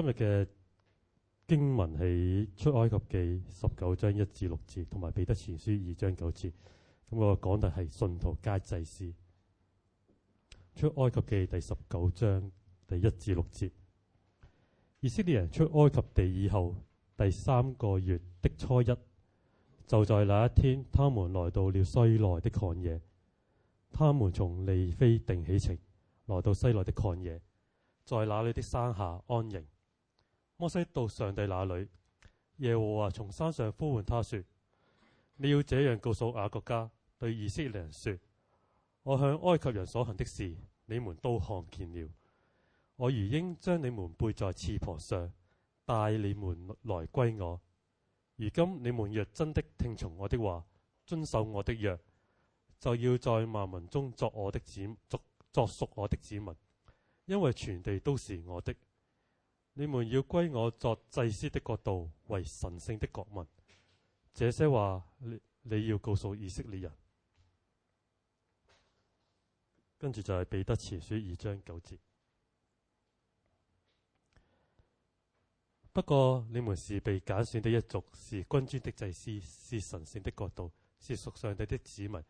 今日嘅經文係《出埃及記》十九章一至六節，同埋《彼得前書》二章九節。咁我講嘅係信徒皆祭司。《出埃及記》第十九章第一至六節：以色列人出埃及地以後，第三個月的初一，就在那一天，他們來到了西奈的曠野。他們從利非定起程，來到西奈的曠野，在那裡的山下安營。摩西到上帝那裏，耶和華從山上呼喚他說：你要這樣告訴雅各家，對以色列人說：我向埃及人所行的事，你們都看見了。我如鷹將你們背在翅膀上，帶你們來歸我。如今你們若真的聽從我的話，遵守我的約，就要在萬民中作我的子，作作屬我的子民，因為全地都是我的。你們要歸我作祭司的國度，為神聖的國民。這些話你，你要告訴以色列人。跟住就係彼得前書二章九節。不過你們是被揀選的一族，是君尊的祭司，是神聖的國度，是屬上帝的子民，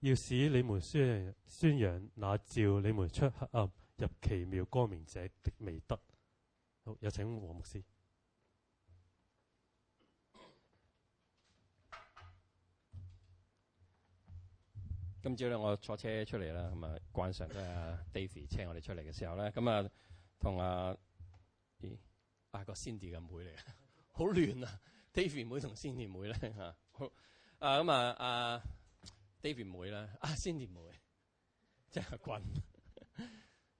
要使你們宣揚宣揚那照你們出黑暗入奇妙光明者的美德。好，有請黃牧師。今朝咧，我坐車出嚟啦，咁啊，慣常都係 David 車我哋出嚟嘅時候咧，咁啊，同阿啊個 Cindy 嘅妹嚟嘅，好亂啊，妹妹啊，啊，啊！David 妹同 Cindy 妹咧吓，好啊，咁啊啊 David 妹咧，阿 Cindy 妹，即係阿君。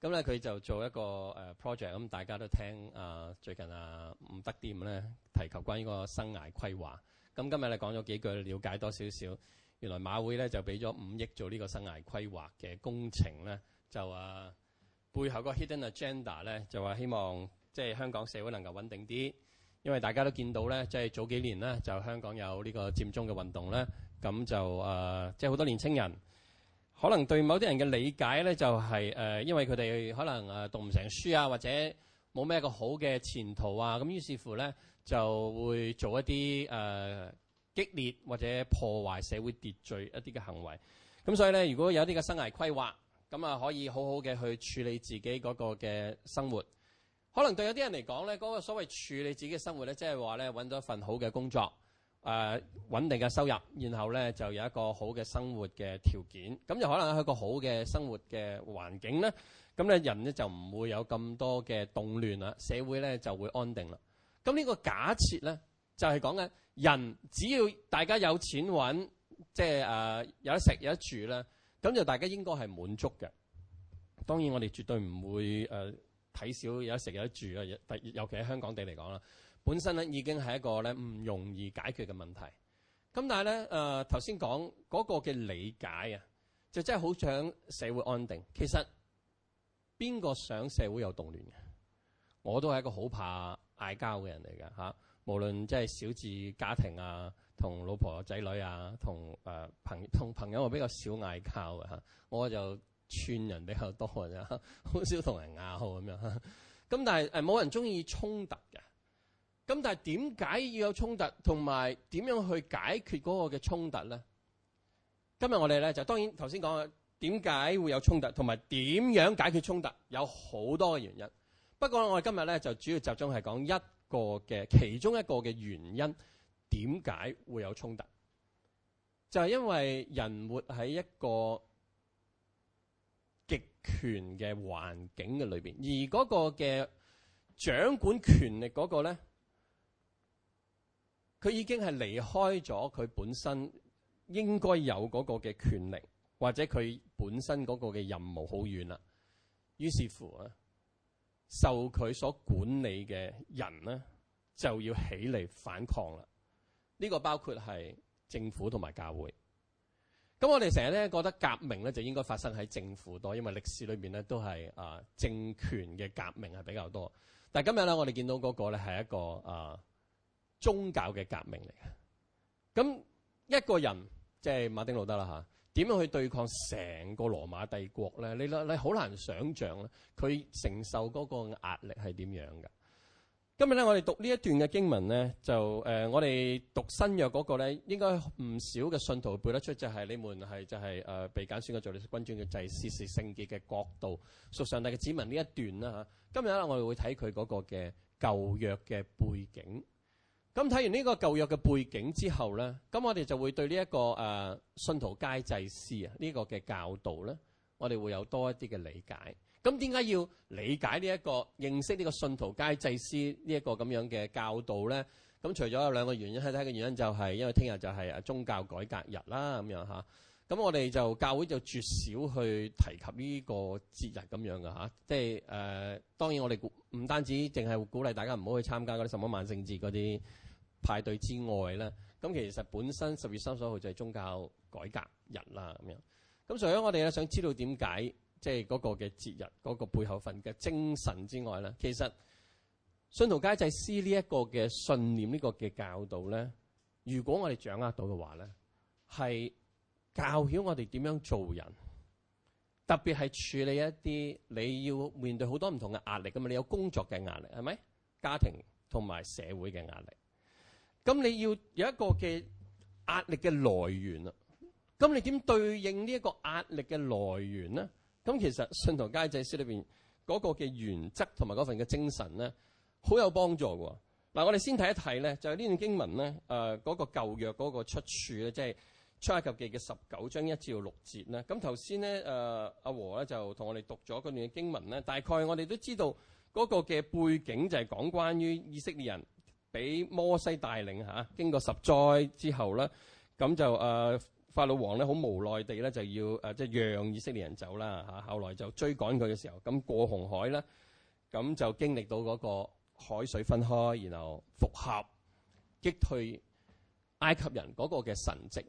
咁咧佢就做一個 project，咁大家都聽啊，最近啊唔得掂咧提及關於個生涯規劃，咁今日咧講咗幾句，了解多少少。原來馬會咧就俾咗五億做呢個生涯規劃嘅工程咧，就啊，背後個 hidden agenda 咧就話希望即係、就是、香港社會能夠穩定啲，因為大家都見到咧即係早幾年咧就香港有呢個佔中嘅運動咧，咁就誒即係好多年青人。可能對某啲人嘅理解呢、就係，就、呃、係因為佢哋可能誒、呃、讀唔成書啊，或者冇咩一個好嘅前途啊，咁於是乎呢，就會做一啲、呃、激烈或者破壞社會秩序一啲嘅行為。咁所以呢，如果有啲嘅生涯規劃，咁啊可以好好嘅去處理自己嗰個嘅生活。可能對有啲人嚟講呢，嗰、嗰個所謂處理自己嘅生活、就係、話呢，即係話呢，揾到一份好嘅工作。誒、啊、穩定嘅收入，然後咧就有一個好嘅生活嘅條件，咁就可能係一個好嘅生活嘅環境咧，咁咧人咧就唔會有咁多嘅動亂啦，社會咧就會安定啦。咁呢個假設咧，就係講緊人只要大家有錢揾，即係誒有得食有得住咧，咁就大家應該係滿足嘅。當然我哋絕對唔會誒睇少有得食有得住嘅嘢，特別尤其喺香港地嚟講啦。本身咧已經係一個咧唔容易解決嘅問題，咁但係咧，誒頭先講個嘅理解啊，就真係好想社會安定。其實邊個想社會有動亂嘅？我都係一個好怕嗌交嘅人嚟嘅吓，無論即係小至家庭啊，同老婆仔女啊，同誒朋同朋友，啊比較少嗌交嘅吓。我就串人比較多㗎啫，好少同人拗咁樣。咁但係誒冇人中意衝突嘅。咁但係點解要有衝突，同埋點樣去解決嗰個嘅衝突呢？今日我哋咧就當然頭先講，點解會有衝突，同埋點樣解決衝突，有好多嘅原因。不過我哋今日咧就主要集中係講一個嘅其中一個嘅原因，點解會有衝突，就係、是、因為人活喺一個極權嘅環境嘅裏邊，而嗰個嘅掌管權力嗰個咧。佢已經係離開咗佢本身應該有嗰個嘅權力，或者佢本身嗰個嘅任務好遠啦。於是乎，受佢所管理嘅人呢，就要起嚟反抗啦。呢個包括係政府同埋教會。咁我哋成日咧覺得革命咧就應該發生喺政府多，因為歷史裏面咧都係啊政權嘅革命係比較多。但係今日咧，我哋見到嗰個咧係一個啊。宗教嘅革命嚟嘅，咁一個人即係、就是、馬丁路德啦吓，點樣去對抗成個羅馬帝國咧？你咧你好難想象咧，佢承受嗰個壓力係點樣嘅。今日咧、呃，我哋讀呢一段嘅經文咧，就誒，我哋讀新約嗰、那個咧，應該唔少嘅信徒背得出，就係、是、你們係就係、是、誒、呃、被揀選嘅你列軍中嘅祭司是聖潔嘅國度屬上帝嘅子民呢一段啦吓。今日咧，我哋會睇佢嗰個嘅舊約嘅背景。咁睇完呢個舊約嘅背景之後咧，咁我哋就會對呢、這、一個、啊、信徒階祭司信徒皆祭司啊呢、這個嘅教導咧，我哋會有多一啲嘅理解。咁點解要理解呢、這、一個認識呢個信徒皆祭司呢一個咁樣嘅教導咧？咁除咗有兩個原因，第一個原因就係、是、因為聽日就係啊宗教改革日啦，咁樣下。咁我哋就教會就絕少去提及呢個節日咁樣嘅，吓，即係誒，當然我哋唔單止淨係鼓勵大家唔好去參加嗰啲什麼萬聖節嗰啲派對之外咧，咁其實本身十月三十一號就係宗教改革日啦咁樣，咁除咗我哋咧想知道點解即係嗰個嘅節日嗰個背後份嘅精神之外咧，其實信徒皆祭司呢一個嘅信念呢個嘅教導咧，如果我哋掌握到嘅話咧，係。教曉我哋點樣做人，特別係處理一啲你要面對好多唔同嘅壓力噶嘛，你有工作嘅壓力係咪？家庭同埋社會嘅壓力，咁你要有一個嘅壓力嘅來源啊！咁你點對應呢一個壓力嘅來源呢？咁其實《信徒皆祭司》裏邊嗰個嘅原則同埋嗰份嘅精神呢，好有幫助噶。嗱，我哋先睇一睇咧，就係呢段經文咧，誒，嗰個舊約嗰個出處咧，即係。出埃及記嘅十九章一至到六節咧，咁頭先咧，誒阿和咧就同我哋讀咗嗰段經文咧，大概我哋都知道嗰個嘅背景就係講關於以色列人俾摩西帶領嚇，經過十災之後咧，咁就誒法老王咧好無奈地咧就要誒即係讓以色列人走啦嚇，後來就追趕佢嘅時候，咁過紅海咧，咁就經歷到嗰個海水分開，然後復合擊退埃及人嗰個嘅神跡。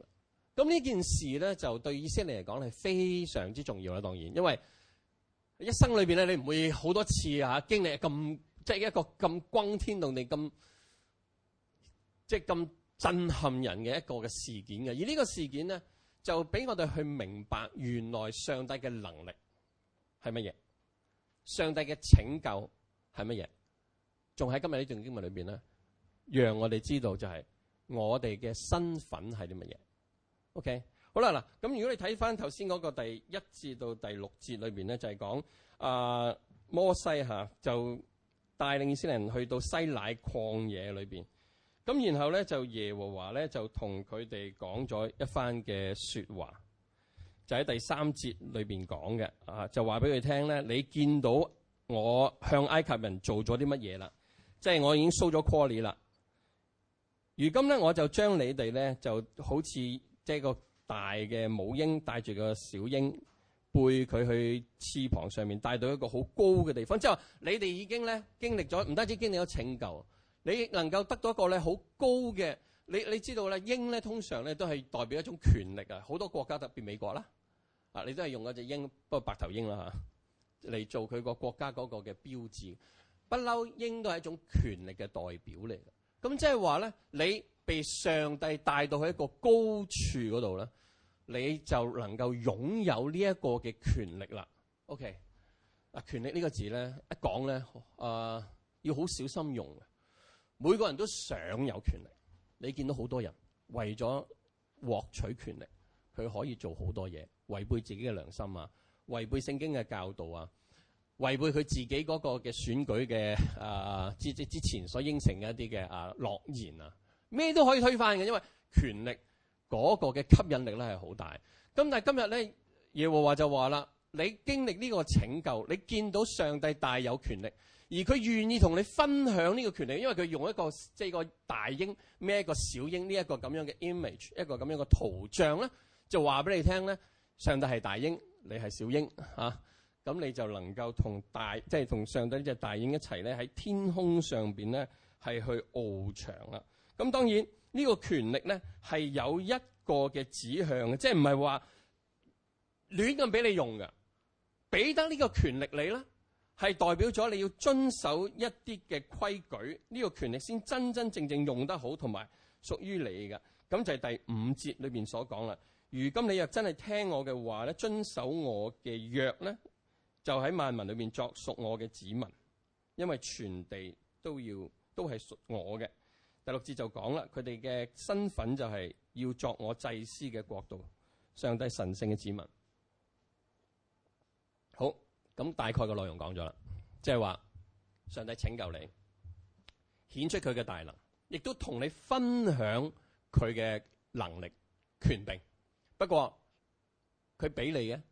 咁呢件事咧，就對以色列嚟講係非常之重要啦。當然，因為一生裏邊咧，你唔會好多次吓經歷咁即係一個咁、就是、轟天動地、咁即係咁震撼人嘅一個嘅事件嘅。而呢個事件咧，就俾我哋去明白原來上帝嘅能力係乜嘢，上帝嘅拯救係乜嘢，仲喺今日呢段經文裏邊咧，讓我哋知道就係我哋嘅身份係啲乜嘢。OK，好啦嗱。咁如果你睇翻頭先嗰個第一節到第六節裏面咧，就係，是，講啊摩西嚇就帶領以色列人去到西乃曠野裏面。咁，然後咧就耶和華咧就同佢哋講咗一番嘅說話，就喺第三節裏面講嘅啊，就話俾佢聽咧，你見到我向埃及人做咗啲乜嘢啦？即，就，係，是，我已經收咗科利啦。如今咧，我就將你哋咧就好似。即係個大嘅母鷹帶住個小鷹背佢去翅膀上面，帶到一個好高嘅地方。即係話你哋已經咧經歷咗，唔單止經歷咗拯救，你能夠得到一個咧好高嘅。你你知道咧鷹咧通常咧都係代表一種權力啊。好多國家特別美國啦，啊你都係用嗰隻鷹，不過白頭鷹啦吓，嚟做佢個國家嗰個嘅標誌。不嬲，鷹都係一種權力嘅代表嚟。咁即係話咧你。被上帝帶到去一個高處嗰度咧，你就能夠擁有呢一個嘅權力啦。OK，啊，權力呢個字咧一講咧，誒、呃、要好小心用嘅。每個人都想有權力，你見到好多人為咗獲取權力，佢可以做好多嘢，違背自己嘅良心啊，違背聖經嘅教導啊，違背佢自己嗰個嘅選舉嘅誒之之之前所應承嘅一啲嘅啊諾言啊。咩都可以推翻嘅，因為權力嗰個嘅吸引力咧係好大。咁但係今日咧，耶和華就話啦，你經歷呢個拯救，你見到上帝大有權力，而佢願意同你分享呢個權力，因為佢用一個即係、就是、個大鷹孭一個小鷹呢一個咁樣嘅 image，一個咁樣嘅圖像咧，就話俾你聽咧，上帝係大鷹，你係小鷹吓，咁、啊、你就能夠同大，即係同上帝呢隻大鷹一齊咧，喺天空上邊咧係去翱翔啦。咁當然呢個權力咧係有一個嘅指向嘅，即係唔係話亂咁俾你用嘅，俾得呢個權力你啦，係代表咗你要遵守一啲嘅規矩，呢、這個權力先真真正正用得好，同埋屬於你嘅。咁就係第五節裏面所講啦。如今你若真係聽我嘅話咧，遵守我嘅約咧，就喺萬民裏面作屬我嘅子民，因為全地都要都係屬我嘅。第六節就講啦，佢哋嘅身份就係要作我祭司嘅國度，上帝神聖嘅子民。好，咁大概嘅內容講咗啦，即係話上帝拯救你，顯出佢嘅大能，亦都同你分享佢嘅能力權柄。不過佢俾你嘅，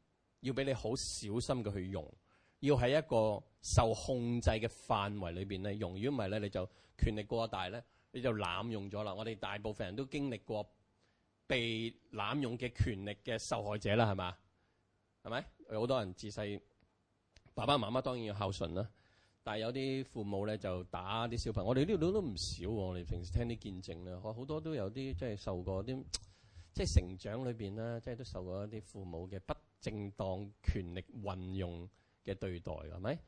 要俾你好小心嘅去用，要喺一個受控制嘅範圍裏邊咧用。如果唔係咧，你就權力過大咧。你就濫用咗啦！我哋大部分人都經歷過被濫用嘅權力嘅受害者啦，係嘛？係咪有好多人自細，爸爸媽媽當然要孝順啦，但係有啲父母咧就打啲小朋友。我哋呢度都唔少，我哋平時聽啲見證咧，好多都有啲即係受過啲即係成長裏邊啦，即係都受過一啲父母嘅不正當權力運用嘅對待，係咪？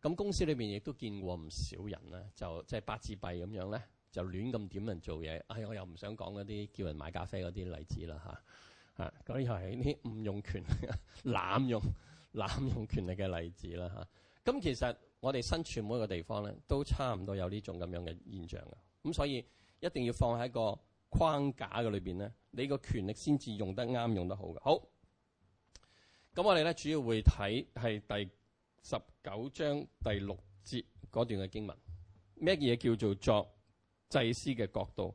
咁公司裏邊亦都見過唔少人啦，就即係八字幣咁樣咧。就亂咁點人做嘢，唉、哎！我又唔想講嗰啲叫人買咖啡嗰啲例子啦，嚇啊！咁、啊啊、又係啲濫、濫用權、濫用濫用權力嘅例子啦，嚇、啊。咁、啊啊、其實我哋身處每一個地方咧，都差唔多有呢種咁樣嘅現象嘅。咁所以一定要放喺個個框架嘅裏面咧，你個權力先至用得啱，用得好嘅。好，咁我哋咧主要會睇係第十九章第六節嗰段嘅經文，咩嘢叫做作？祭司嘅角度，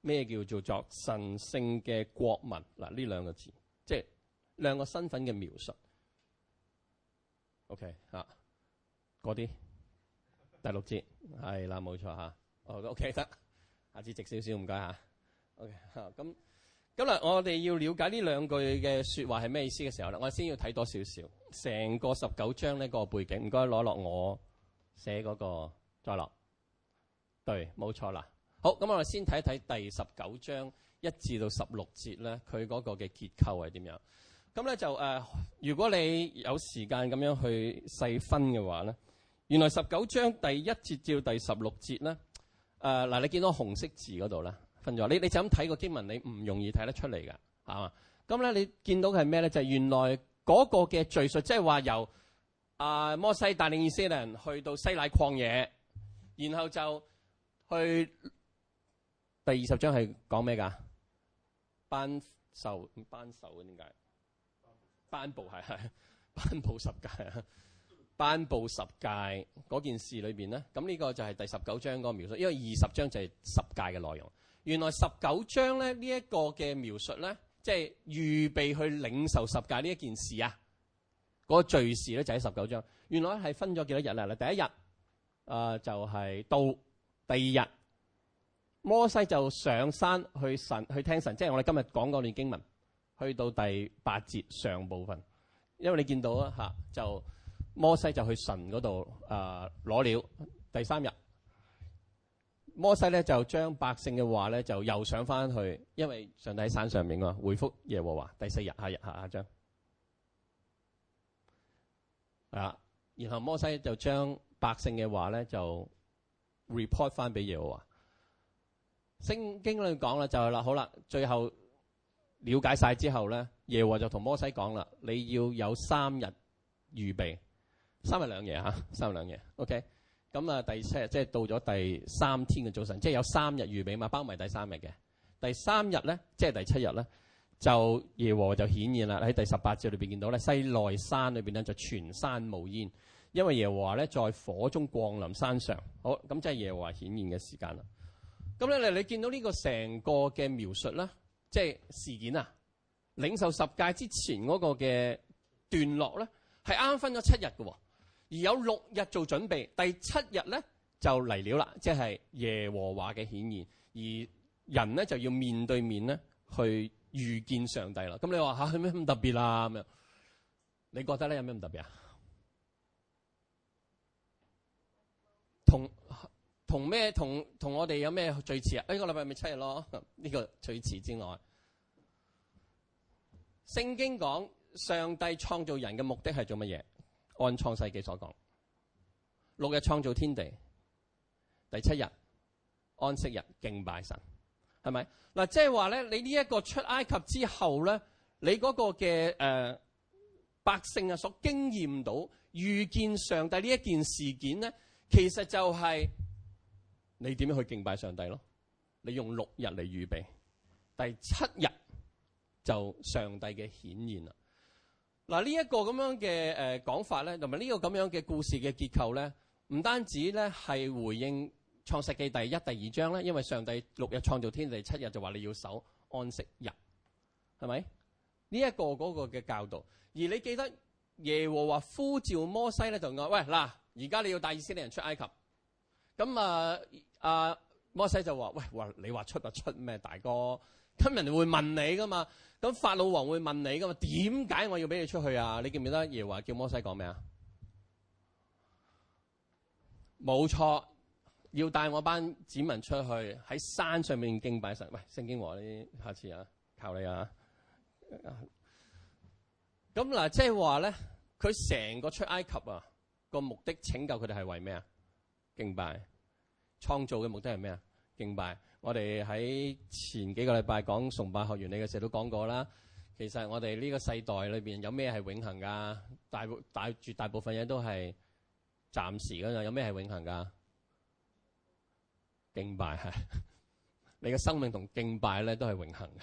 咩叫做作神聖嘅國民？嗱，呢兩個字，即係兩個身份嘅描述。OK 嚇、啊，嗰啲第六節係啦，冇錯吓哦，OK 得，下次直少少，唔該吓，OK 嚇、啊，咁咁啦，我哋要了解呢兩句嘅說話係咩意思嘅時候咧，我哋先要睇多少少成個十九章呢個背景。唔該攞落我寫嗰個再落。對，冇錯啦。好，咁我哋先睇一睇第十九章一至到十六節咧，佢嗰個嘅結構係點樣？咁咧就、呃、如果你有時間咁樣去細分嘅話咧，原來十九章第一節至到第十六節咧，誒、呃、嗱，你見到紅色字嗰度咧，分咗。你你就咁睇個經文，你唔容易睇得出嚟㗎，係嘛？咁咧你見到係咩咧？就係、原來嗰個嘅敘述，即係話由啊、呃、摩西帶領以色列人去到西乃曠野，然後就去。第二十章係講咩噶？頒授、頒授點解？頒布，係係頒布十誡。頒布十誡嗰件事裏邊咧，咁呢個就係第十九章嗰個描述，因為二十章就係十誡嘅內容。原來十九章咧呢一個嘅描述咧，即係預備去領受十誡呢一件事啊，嗰、那個敘事咧就喺十九章。原來係分咗幾多日啊？第一日誒、呃、就係、是、到第二日。摩西就上山去神去聽神，即係我哋今日講嗰段經文，去到第八節上部分。因為你見到啊吓，就摩西就去神度誒，攞料。第三日，摩西咧就將百姓嘅話咧就又上翻去，因為上帝喺山上面啊，回覆耶和華。第四日下日下下章啊，然後摩西就將百姓嘅話咧就 report 翻俾耶和華。《聖經》裏講啦，就係啦，好啦，最後了解晒之後咧，耶和就同摩西講啦，你要有三日預備，三日兩夜嚇，三日兩夜。OK，咁啊，第七日即係到咗第三天嘅早晨，即係有三日預備嘛，包埋第三日嘅。第三日咧，即係第七日咧，就耶和就顯現啦。喺第十八節裏面見到咧，西奈山裏面咧就全山冒煙，因為耶和華咧在火中降臨山上。好，咁即係耶和華顯現嘅時間啦。咁咧，你見到呢個成個嘅描述啦，即係事件啊，領受十戒之前嗰個嘅段落咧，係啱啱分咗七日嘅，而有六日做準備，第七日咧就嚟了啦，即係耶和華嘅顯現，而人咧就要面對面咧去遇見上帝啦。咁你話嚇有咩咁特別啊？咁樣，你覺得咧有咩咁特別啊？同。同咩？同同我哋有咩最似啊？呢、哎這個禮拜咪七日咯。呢、這個最似之外，聖經講上帝創造人嘅目的係做乜嘢？按創世紀所講，六日創造天地，第七日安息日敬拜神，係咪嗱？即係話咧，你呢一個出埃及之後咧，你嗰個嘅誒、呃、百姓啊，所經驗到遇見上帝呢一件事件咧，其實就係、是。你點樣去敬拜上帝咯？你用六日嚟預備，第七日就上帝嘅顯現啦。嗱、這個，呢一個咁樣嘅誒講法咧，同埋呢個咁樣嘅故事嘅結構咧，唔單止咧係回應創世記第一、第二章咧，因為上帝六日創造天地，七日就話你要守安息日，係咪？呢、這、一個嗰個嘅教導，而你記得耶和華呼召摩西咧，就嗌：「喂嗱，而家你要帶以色列人出埃及，咁啊～、呃啊，摩西就話：喂，話你話出唔、啊、出咩？大哥，咁人哋會問你噶嘛？咁法老王會問你噶嘛？點解我要俾你出去啊？你記唔記得耶華叫摩西講咩啊？冇錯，要帶我班子民出去喺山上面敬拜神。喂，聖經話呢？你下次啊，求你啊。咁、啊、嗱，即係話咧，佢、就、成、是、個出埃及啊個目的，拯救佢哋係為咩啊？敬拜。創造嘅目的係咩啊？敬拜。我哋喺前幾個禮拜講崇拜學原理嘅時候都講過啦。其實我哋呢個世代裏邊有咩係永恆㗎？大部大絕大部分嘢都係暫時㗎嘛。有咩係永恆㗎？敬拜係。你嘅生命同敬拜咧都係永恆嘅，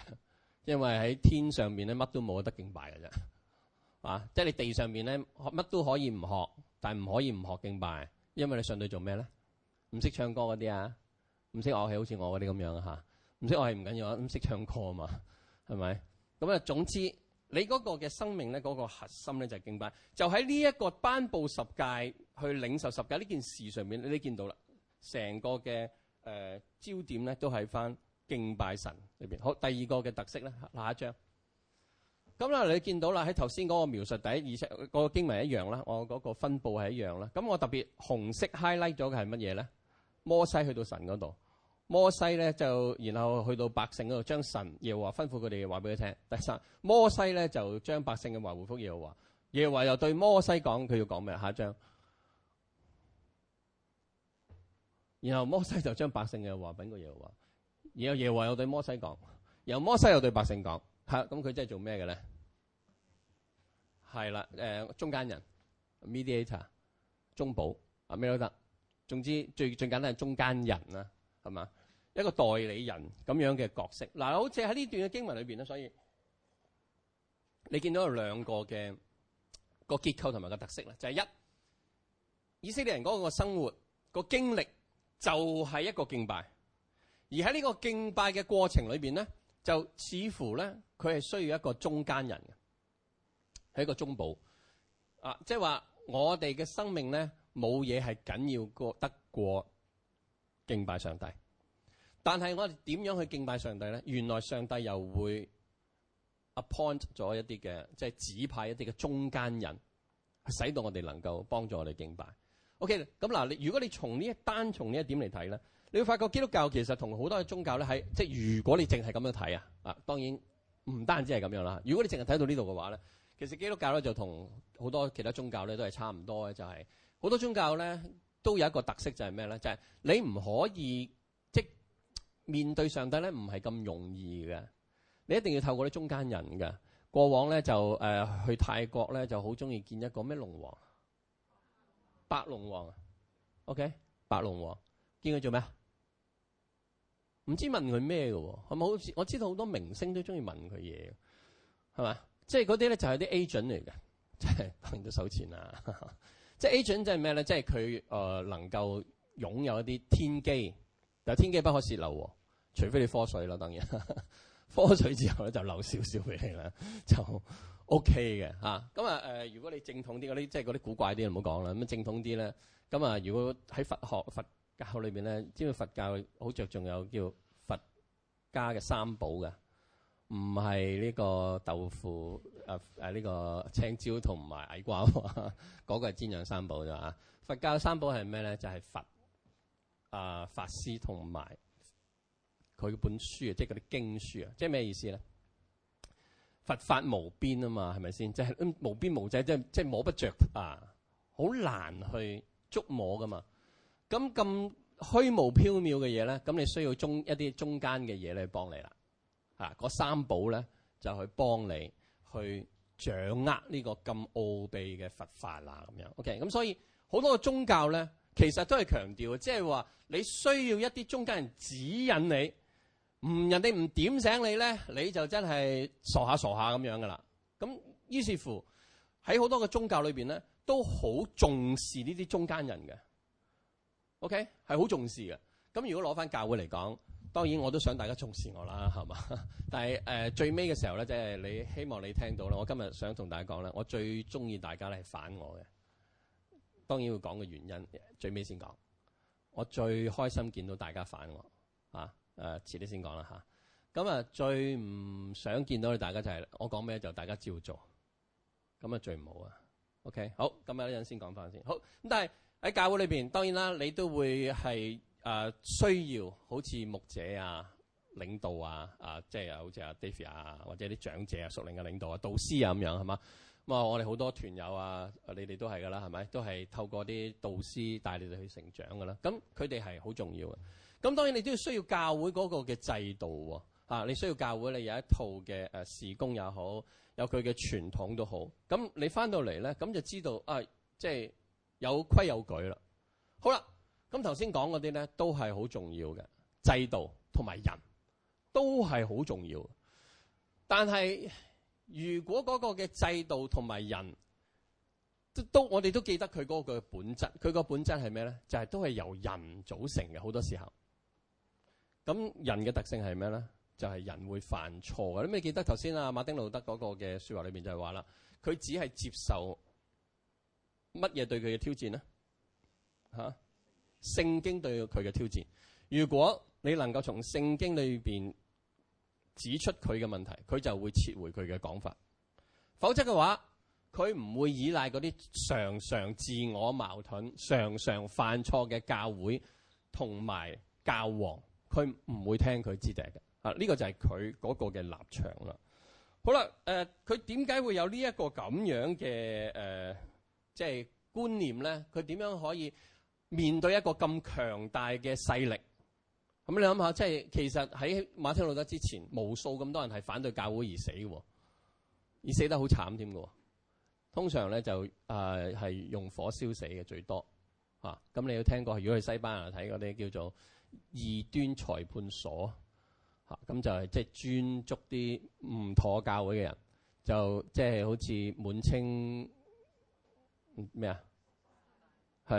因為喺天上面咧乜都冇得敬拜㗎啫。啊，即係你地上面咧乜都可以唔學，但係唔可以唔學敬拜，因為你上去做咩咧？唔識唱歌嗰啲啊，唔識我係好似我嗰啲咁樣嚇，唔識我係唔緊要，啊，唔識唱歌啊嘛，係咪？咁啊，總之你嗰個嘅生命咧，嗰個核心咧就係敬拜，就喺呢一個頒布十戒去領受十戒呢件事上面，你都見到啦，成個嘅誒、呃、焦點咧都係翻敬拜神裏邊。好，第二個嘅特色咧，下一張。咁啦，你見到啦，喺頭先嗰個描述第一二、而、那、且個經文一樣啦，我嗰個分佈係一樣啦。咁我特別紅色 highlight 咗嘅係乜嘢咧？摩西去到神嗰度，摩西咧就然後去到百姓嗰度，將神耶和華吩咐佢哋嘅話俾佢聽。第三，摩西咧就將百姓嘅話回覆耶和華，耶和華又對摩西講佢要講咩？下一章，然後摩西就將百姓嘅話禀個耶和華，然後耶和華又對摩西講，然後摩西又對百姓講，吓咁佢真係做咩嘅咧？係啦，誒中間人 mediator 中保啊咩都得。總之最最簡單係中間人啦，係嘛，一個代理人咁樣嘅角色。嗱，好似喺呢段嘅經文裏邊咧，所以你見到有兩個嘅個結構同埋個特色啦，就係、是、一以色列人嗰個生活個經歷就係一個敬拜，而喺呢個敬拜嘅過程裏邊咧，就似乎咧佢係需要一個中間人嘅，係一個中保啊，即係話我哋嘅生命咧。冇嘢係緊要過得過敬拜上帝，但係我哋點樣去敬拜上帝咧？原來上帝又會 appoint 咗一啲嘅，即係指派一啲嘅中間人，使到我哋能夠幫助我哋敬拜。OK，咁嗱，你如果你從呢一單從呢一點嚟睇咧，你會發覺基督教其實同好多嘅宗教咧，喺即係如果你淨係咁樣睇啊啊，當然唔單止係咁樣啦。如果你淨係睇到呢度嘅話咧，其實基督教咧就同好多其他宗教咧都係差唔多嘅，就係。好多宗教咧都有一個特色，就係咩咧？就係、是、你唔可以即、就是、面對上帝咧，唔係咁容易嘅。你一定要透過啲中間人嘅。過往咧就誒、呃、去泰國咧就好鍾意見一個咩龍王，白龍王，OK，白龍王見佢做咩啊？唔知問佢咩嘅喎。我冇，我知道好多明星都鍾意問佢嘢，係咪？即係嗰啲咧就係、是、啲 agent 嚟嘅，即係幫佢收錢啊。.即係 agent，即係咩咧？即係佢、呃、能夠擁有一啲天機，但係天機不可洩漏，哦，除非你科水啦，當然科水之後咧就漏少少畀你啦，就 OK 嘅吓。咁啊、呃、如果你正統啲嗰啲，即係嗰啲古怪啲就唔好講啦。咁啊正統啲咧，咁啊如果喺佛學、佛教裏面咧，知唔知道佛教好著重有叫佛家嘅三寶㗎，唔係呢個豆腐。誒誒，呢、啊這個青椒同埋矮瓜嗰 個係煎釀三寶啫嘛。佛教三寶係咩咧？就係、是、佛、啊法師同埋佢本書啊，即係嗰啲經書啊，即係咩意思咧？佛法無邊啊嘛，係咪先？即、就、係、是、無邊無際，即係即係摸不着，啊，好難去捉摸噶嘛。咁咁虛無縹緲嘅嘢咧，咁你需要中一啲中間嘅嘢嚟幫你啦。嚇，嗰三寶咧就去幫你，去掌握呢個咁奧秘嘅佛法啦，咁樣 OK，咁所以好多嘅宗教咧，其實都係強調嘅，即係話你需要一啲中間人指引你，唔人哋唔點醒你咧，你就真係傻下傻下咁樣噶啦。咁於是乎喺好多嘅宗教裏邊咧，都好重視呢啲中間人嘅 OK，係好重視嘅。咁如果攞翻教會嚟講。當然我都想大家重視我啦，係嘛？但係誒最尾嘅時候咧，即係你希望你聽到啦。我今日想同大家講咧，我最中意大家係反我嘅。當然要講嘅原因，最尾先講。我最開心見到大家反我啊！誒、啊，遲啲先講啦嚇。咁啊，最唔想見到嘅大家就係我講咩就大家照做，咁啊最唔好啊。OK，好，咁啊，一陣先講翻先。好咁，但係喺教會裏邊，當然啦，你都會係。誒需要好似牧者啊、領導啊、啊即係好似阿 David 啊，或者啲長者啊、屬靈嘅領導啊、導師啊咁樣係嘛？咁啊，我哋好多團友啊，你哋都係㗎啦，係咪？都係透過啲導師帶你哋去成長㗎啦。咁佢哋係好重要嘅。咁當然你都要需要教會嗰個嘅制度喎。你需要教會你有一套嘅誒事工也好，有佢嘅傳統都好。咁你翻到嚟咧，咁就知道啊，即係有規有矩啦。好啦。咁頭先講嗰啲咧，都係好重要嘅制度同埋人都係好重要。但係如果嗰個嘅制度同埋人都我哋都記得佢嗰個本質。佢個本質係咩咧？就係都係由人組成嘅，好多時候。咁人嘅特性係咩咧？就係人會犯錯嘅。你咪記得頭先啊，馬丁路德嗰個嘅説話裏面就係話啦，佢只係接受乜嘢對佢嘅挑戰咧？嚇？聖經對佢嘅挑戰，如果你能夠從聖經裏邊指出佢嘅問題，佢就會撤回佢嘅講法；否則嘅話，佢唔會依賴嗰啲常常自我矛盾、常常犯錯嘅教會同埋教皇，佢唔會聽佢知訂嘅。啊，呢、這個就係佢嗰個嘅立場啦。好啦，誒、呃，佢點解會有呢一個咁樣嘅誒，即、呃、係、就是、觀念咧？佢點樣可以？面對一個咁強大嘅勢力，咁你諗下，即係其實喺馬丁路德之前，無數咁多人係反對教會而死嘅，而死得好慘添嘅。通常咧就誒係、呃、用火燒死嘅最多嚇。咁、啊、你有聽過？如果去西班牙睇嗰啲叫做異端裁判所嚇，咁、啊、就係即係專捉啲唔妥教會嘅人，就即係、就是、好似滿清咩啊？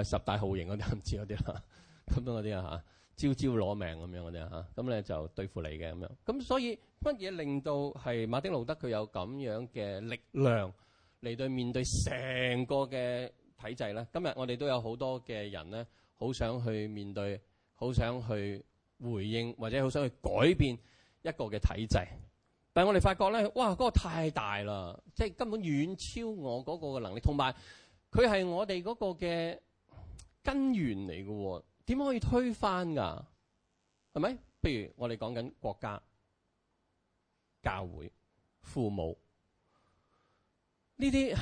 十大酷型嗰啲，唔知嗰啲啦，咁樣嗰啲啊嚇，朝攞命咁樣嗰啲咁咧就對付你嘅咁樣。咁所以乜嘢令到係馬丁路德佢有咁樣嘅力量嚟對面對成個嘅體制咧？今日我哋都有好多嘅人咧，好想去面對，好想去回應，或者好想去改變一個嘅體制。但我哋發覺咧，哇，嗰、那個太大啦，即係根本遠超我嗰個嘅能力，同埋佢係我哋嗰個嘅。根源嚟嘅，點可以推翻噶？係咪？譬如我哋講緊國家、教會、父母呢啲，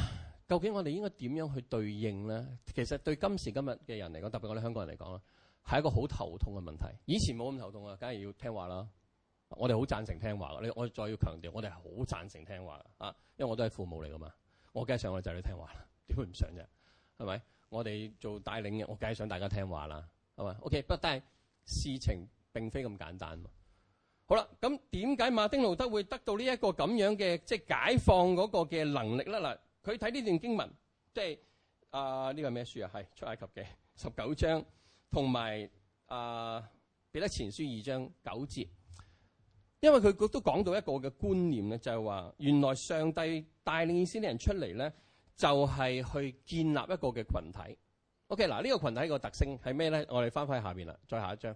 究竟我哋應該點樣去對應咧？其實對今時今日嘅人嚟講，特別我哋香港人嚟講，係一個好頭痛嘅問題。以前冇咁頭痛啊，梗係要聽話啦。我哋好贊成聽話，你我再要強調，我哋係好贊成聽話啊，因為我都係父母嚟噶嘛，我梗係想我哋仔女聽話啦，點會唔想啫？係咪？我哋做帶領嘅，我梗係想大家聽話啦，係嘛？OK，不，但係事情並非咁簡單。好啦，咁點解馬丁路德會得到呢一個咁樣嘅即係解放嗰個嘅能力咧？嗱，佢睇呢段經文，即係啊呢個咩書啊？係出埃及嘅十九章，同埋啊彼得前書二章九節，因為佢都講到一個嘅觀念咧，就係、是、話原來上帝帶領以色列人出嚟咧。就係去建立一個嘅群體。OK，嗱呢個群體個特性係咩咧？我哋翻翻去下邊啦，再下一章，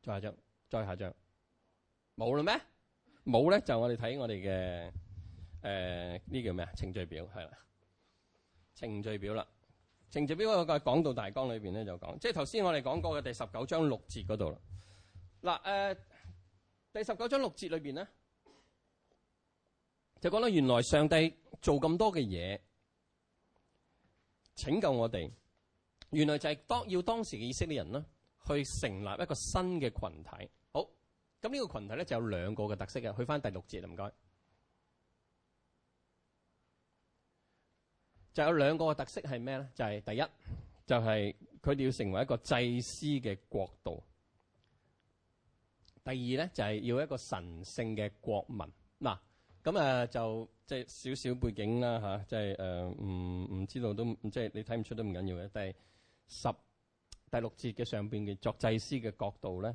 再下一張，再下一張，冇啦咩？冇咧就我哋睇我哋嘅誒呢叫咩啊？程序表係啦，程序表啦。程序表嗰個講到大綱裏邊咧就講，即係頭先我哋講過嘅第十九章六節嗰度啦。嗱、呃、誒，第十九章六節裏邊咧就講到原來上帝做咁多嘅嘢。拯救我哋，原來就係當要當時嘅以色列人啦，去成立一個新嘅群體。好，咁呢個群體咧就有兩個嘅特色嘅。去翻第六節啦，唔該。就有兩個嘅特色係咩咧？就係、就是、第一就係佢哋要成為一個祭司嘅國度；第二咧就係、是、要一個神聖嘅國民嗱。咁、嗯就是、啊，就即係少少背景啦吓，即係誒，唔唔知道都即係你睇唔出都唔緊要嘅。但係第十第六節嘅上邊嘅作祭司嘅角度咧，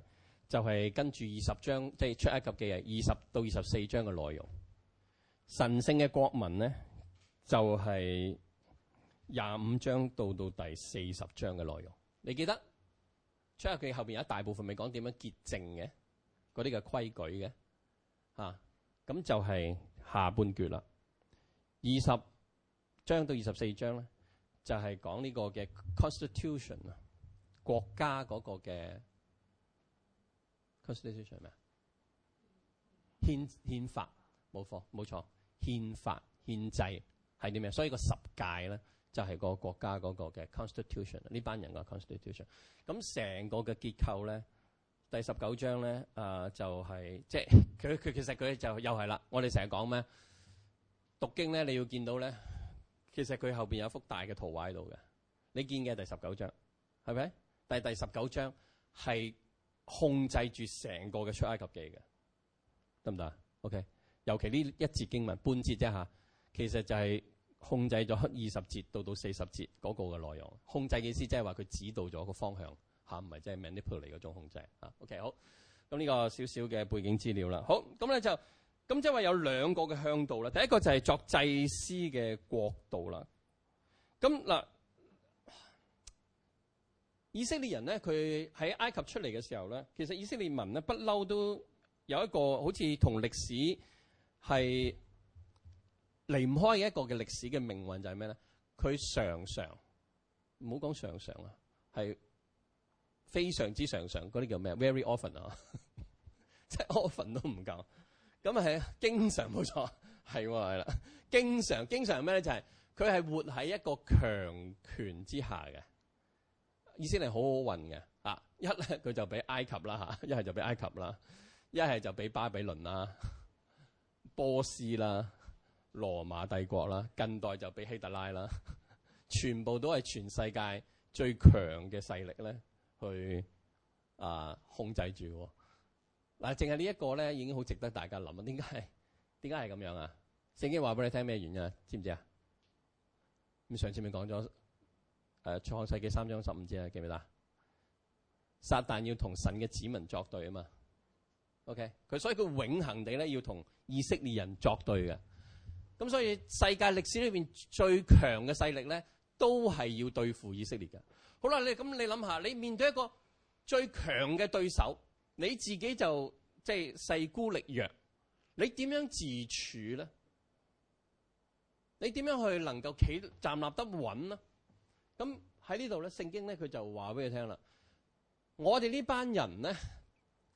就係、是、跟住二十章，即、就、係、是、出埃及記嘅二十到二十四章嘅內容。神聖嘅國民咧，就係、是、廿五章到到第四十章嘅內容。你記得出埃及後邊有一大部分係講點樣潔淨嘅嗰啲嘅規矩嘅嚇。啊。咁就係下半句啦。二十章到二十四章咧，就係講呢個嘅 constitution 啊，國家嗰個嘅 constitution 咩啊？憲憲法冇錯，冇錯，憲法憲制係啲咩？所以個十誡咧，就係個國家嗰個嘅 constitution，呢班人個 constitution。咁成個嘅結構咧。第十九章咧，誒、呃、就係、是、即係佢佢其實佢就又係啦。我哋成日講咩讀經咧，你要見到咧，其實佢後邊有一幅大嘅圖畫喺度嘅。你見嘅第十九章係咪？但係第十九章係控制住成個嘅出埃及記嘅，得唔得？OK，尤其呢一節經文半節啫吓，其實就係控制咗二十節到到四十節嗰個嘅內容。控制嘅意思即係話佢指導咗個方向。唔係即係、啊、manipulate 嗰種控制啊。OK，好。咁呢個少少嘅背景資料啦。好，咁咧就咁即係話有兩個嘅向度啦。第一個就係作祭司嘅國度啦。咁嗱、啊，以色列人咧，佢喺埃及出嚟嘅時候咧，其實以色列民咧不嬲都有一個好似同歷史係離唔開嘅一個嘅歷史嘅命運就係咩咧？佢常常唔好講常常啊，係。非常之常常，嗰啲叫咩？Very often 啊， 即係 often 都唔夠。咁啊係，經常冇錯，係係啦，經常經常咩咧？就係佢係活喺一個強權之下嘅，意思係好好運嘅啊！一咧佢就俾埃及啦嚇、啊，一係就俾埃及啦，一係就俾巴比倫啦、啊、波斯啦、啊、羅馬帝國啦，近代就俾希特拉啦、啊，全部都係全世界最強嘅勢力咧。去啊控制住嗱，淨係呢一個咧，已經好值得大家諗啊！點解係？點解係咁樣啊？聖經話俾你聽咩原因？知唔知啊？咁上次咪講咗誒創世紀三章十五節啊，記唔記得？撒旦要同神嘅子民作對啊嘛，OK？佢所以佢永恒地咧要同以色列人作對嘅，咁所以世界歷史裏邊最強嘅勢力咧，都係要對付以色列嘅。好啦，你咁你諗下，你面對一個最強嘅對手，你自己就即係勢孤力弱，你點樣自處咧？你點樣去能夠企站立得穩呢？咁喺呢度咧，聖經咧佢就話俾你聽啦。我哋呢班人咧，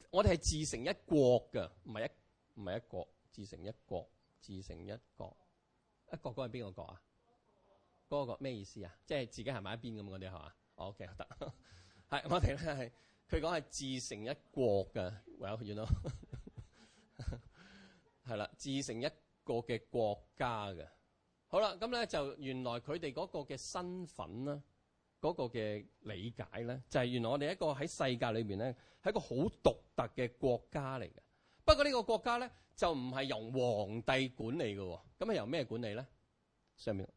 我哋係自成一國㗎，唔係一唔係一國，自成一國，自成一國。一個國係邊個國啊？嗰、那個國咩意思啊？即係自己行埋一邊咁，我哋係嘛？o k 得，係 Okay ,、okay. 我哋咧係佢講係自成一國嘅，維歐遠咯，係啦，自成一個嘅國家嘅。好啦，咁咧就原來佢哋嗰個嘅身份啦，嗰、那個嘅理解咧，就係、是、原來我哋一個喺世界裏面咧係一個好獨特嘅國家嚟嘅。不過呢個國家咧就唔係由皇帝管理嘅，咁係由咩管理咧？上面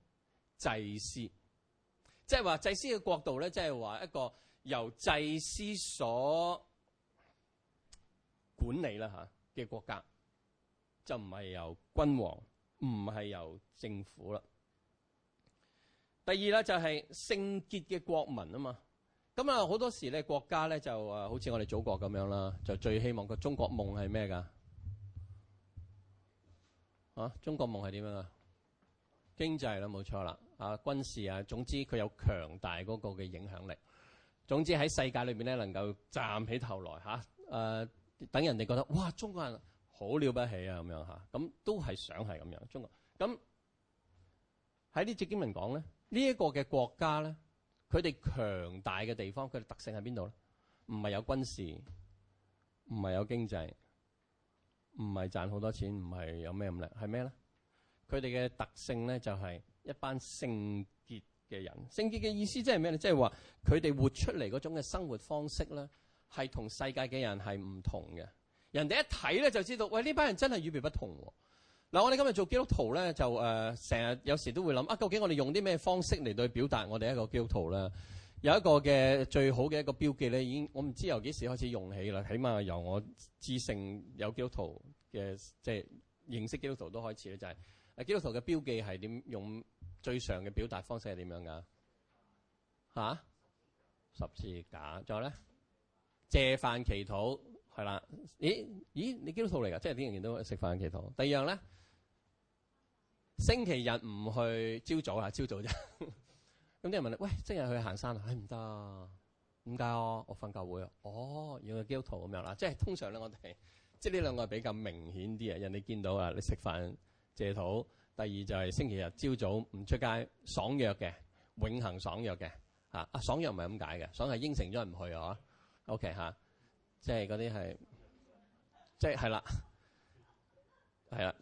祭司。即係話祭司嘅國度咧，即係話一個由祭司所管理啦嚇嘅國家，就唔係由君王，唔係由政府啦。第二咧就係聖潔嘅國民啊嘛，咁啊好多時咧國家咧就誒，好似我哋祖國咁樣啦，就最希望個中國夢係咩噶？啊，中國夢係點樣啊？經濟啦冇錯啦，啊軍事啊，總之佢有強大的個嘅影響力。總之喺世界裏邊咧，能夠站起頭來吓，誒、啊、等人哋覺得哇中國人好了不起啊咁樣吓，咁都係想係咁樣。中國咁喺呢隻經文講咧，呢、這、一個嘅國家咧，佢哋強大嘅地方，佢哋特性喺邊度咧？唔係有軍事，唔係有經濟，唔係賺好多錢，唔係有咩咁叻，係咩咧？佢哋嘅特性咧，就係、是、一班聖潔嘅人。聖潔嘅意思即係咩咧？即係話佢哋活出嚟嗰種嘅生活方式咧，係同世界嘅人係唔同嘅。人哋一睇咧就知道，喂呢班人真係與別不同，啊。嗱，我哋今日做基督徒咧，就誒成、呃、日有時都會諗啊，究竟我哋用啲咩方式嚟到去表達我哋一個基督徒咧？有一個嘅最好嘅一個標記咧，已經我唔知由幾時開始用起啦。起碼由我知性有基督徒嘅即係認識基督徒都開始咧，就係、是。基督徒嘅標記係點？用最常嘅表達方式係點樣㗎？嚇、啊，十字架，仲有咧，謝飯祈禱係啦。咦咦，你基督徒嚟㗎？即係啲人見到食飯祈禱。第二樣咧，星期日唔去朝早啊？朝早啫。咁 啲人問你，喂，即係去行山啊？誒唔得，點解啊？我瞓教會啊。哦，原來基督徒咁樣啦。即係通常咧，我哋即係呢兩個比較明顯啲啊。人哋見到啊，你食飯。借土，第二就係星期日朝早唔出街，爽約嘅，永恆爽約嘅，啊啊爽約唔係咁解嘅，爽係應承咗人唔去啊，OK 嚇、啊，即係嗰啲係，即係係啦，係啦，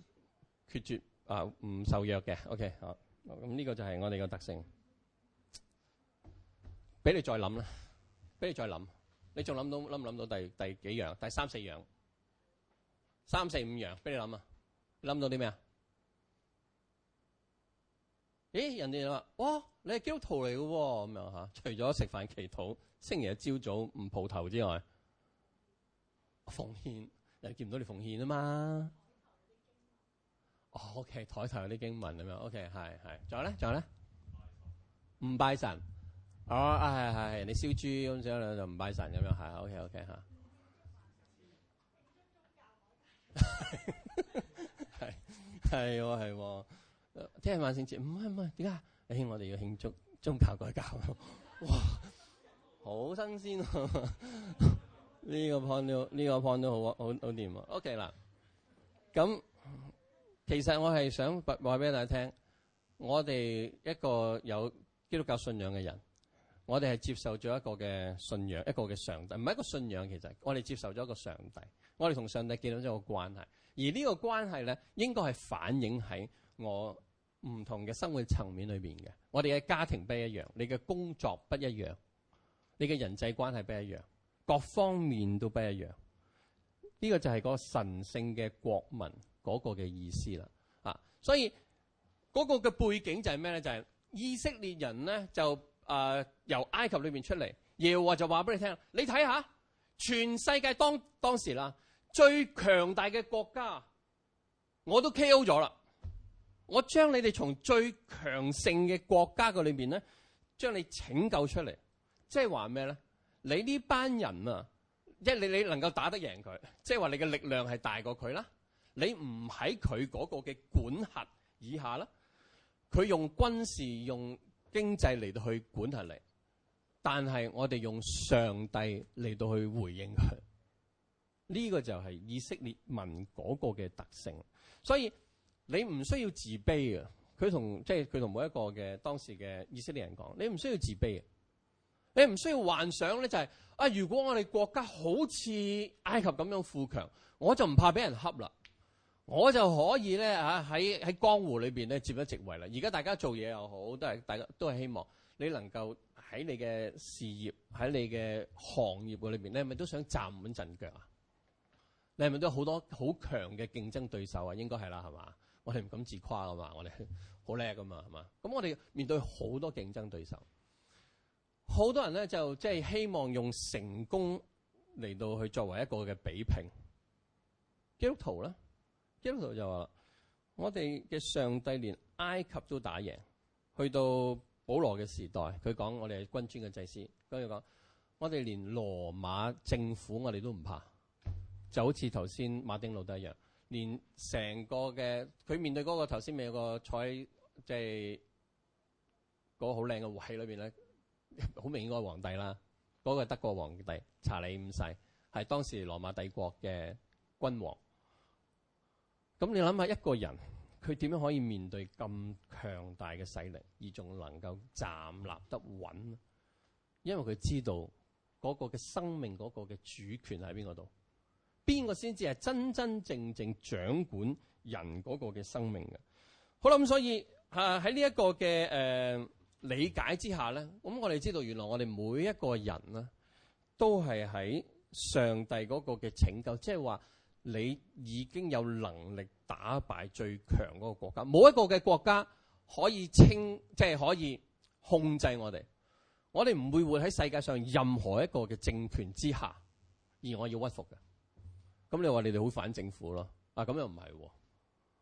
決絕啊唔受約嘅，OK，好，咁呢個就係我哋個特性。俾你再諗啦，俾你再諗，你仲諗到諗唔諗到第第幾樣？第三四樣，三四五樣，俾你諗啊，諗到啲咩啊？誒人哋話，哇，你係基督徒嚟嘅喎，咁樣嚇。除咗食飯祈禱，星期一朝早唔蒲頭之外，奉獻又見唔到你奉獻啊嘛。哦 O K，台頭有啲經文咁樣。O K，係係。仲、okay, okay, 有咧？仲有咧？唔拜神。哦，係係係，你燒豬咁樣就唔拜神咁樣。係。O K O K 嚇。係係。聽日萬聖節唔係唔係點解？我哋要慶祝宗教改革，哇，新鮮啊 這個，好新鮮！呢個 point 呢個 point 都好好好掂，啊。OK 啦，咁其實我係想話俾大家聽，我哋一個有基督教信仰嘅人，我哋係接受咗一個嘅信仰，一個嘅上帝，唔係一個信仰，其實我哋接受咗一個上帝，我哋同上帝建立咗一個關係，而呢個關係咧，應該係反映喺我。唔同嘅生活層面裏邊嘅，我哋嘅家庭不一樣，你嘅工作不一樣，你嘅人際關係不一樣，各方面都不一樣。呢、這個就係個神聖嘅國民嗰個嘅意思啦。啊，所以嗰個嘅背景就係咩咧？就係、是、以色列人咧就誒、呃、由埃及裏邊出嚟，耶和華就話俾你聽，你睇下，全世界當當時啦最強大嘅國家，我都 K.O. 咗啦。我將你哋從最強盛嘅國家嘅裏面咧，將你拯救出嚟，即係話咩咧？你呢班人啊，一你你能夠打得贏佢，即係話你嘅力量係大過佢啦，你唔喺佢嗰個嘅管轄以下啦，佢用軍事、用經濟嚟到去管轄你，但係我哋用上帝嚟到去回應佢，呢個就係以色列民嗰個嘅特性，所以。你唔需要自卑啊！佢同即係佢同每一個嘅當時嘅以色列人講：你唔需要自卑啊！你唔需要幻想咧、就係，就係啊！如果我哋國家好似埃及咁樣富強，我就唔怕俾人恰啦，我就可以咧喺喺江湖裏面咧接一席位啦。而家大家做嘢又好，都係大家都係希望你能夠喺你嘅事業喺你嘅行業嘅裏面，你係咪都想站穩陣腳啊？你係咪都有好多好強嘅競爭對手啊？應該係啦，係嘛？我哋唔敢自誇啊嘛！我哋好叻啊嘛，係嘛？咁我哋面對好多競爭對手，好多人咧就即係希望用成功嚟到去作為一個嘅比拼。基督徒咧，基督徒就話：我哋嘅上帝連埃及都打贏，去到保羅嘅時代，佢講我哋係君尊嘅祭司。跟住講，我哋連羅馬政府我哋都唔怕，就好似頭先馬丁路德一樣。連成個嘅佢面對，嗰個頭先咪有個坐，即係嗰個好靚嘅位裏邊咧，好明顯嗰個皇帝啦，嗰個係德國皇帝查理五世係當時羅馬帝國嘅君王。咁你諗下一個人，佢點樣可以面對咁強大嘅勢力而仲能夠站立得穩，因為佢知道嗰個嘅生命嗰個嘅主權喺邊個度。邊個先至係真真正正掌管人嗰個嘅生命嘅？好啦，咁所以吓喺呢一個嘅誒理解之下咧，咁我哋知道原來我哋每一個人咧都係喺上帝嗰個嘅拯救，即係話你已經有能力打敗最強嗰個國家，冇一個嘅國家可以清即係可以控制我哋，我哋唔會活喺世界上任何一個嘅政權之下，而我要屈服嘅。咁你話你哋好反政府咯？啊，咁又唔係喎，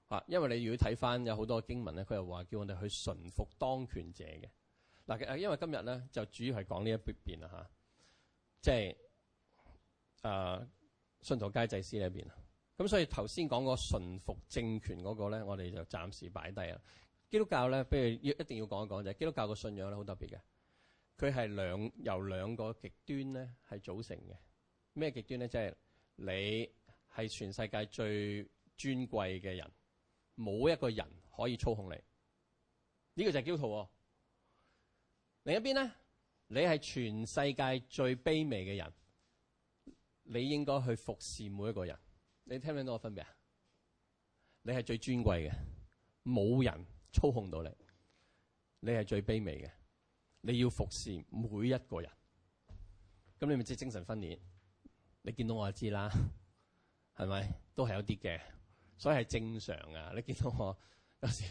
啊，因為你如果睇翻有好多經文咧，佢又話叫我哋去順服當權者嘅。嗱、啊，因為今日咧就主要係講呢一邊啦吓，即、啊、係信徒皆祭司呢一邊。咁所以頭先講個順服政權嗰個咧，我哋就暫時擺低啦。基督教咧，不如要一定要講一講就係基督教個信仰咧，好特別嘅，佢係兩由兩個極端咧係組成嘅。咩極端咧？即係你係全世界最尊貴嘅人，冇一個人可以操控你。呢、這個就係基督徒喎。另一邊呢，你係全世界最卑微嘅人，你應該去服侍每一個人。你聽唔聽到我分別啊？你係最尊貴嘅，冇人操控到你。你係最卑微嘅，你要服侍每一個人。咁你咪即精神分裂。你見到我就知啦，係咪？都係有啲嘅，所以係正常嘅。你見到我有時，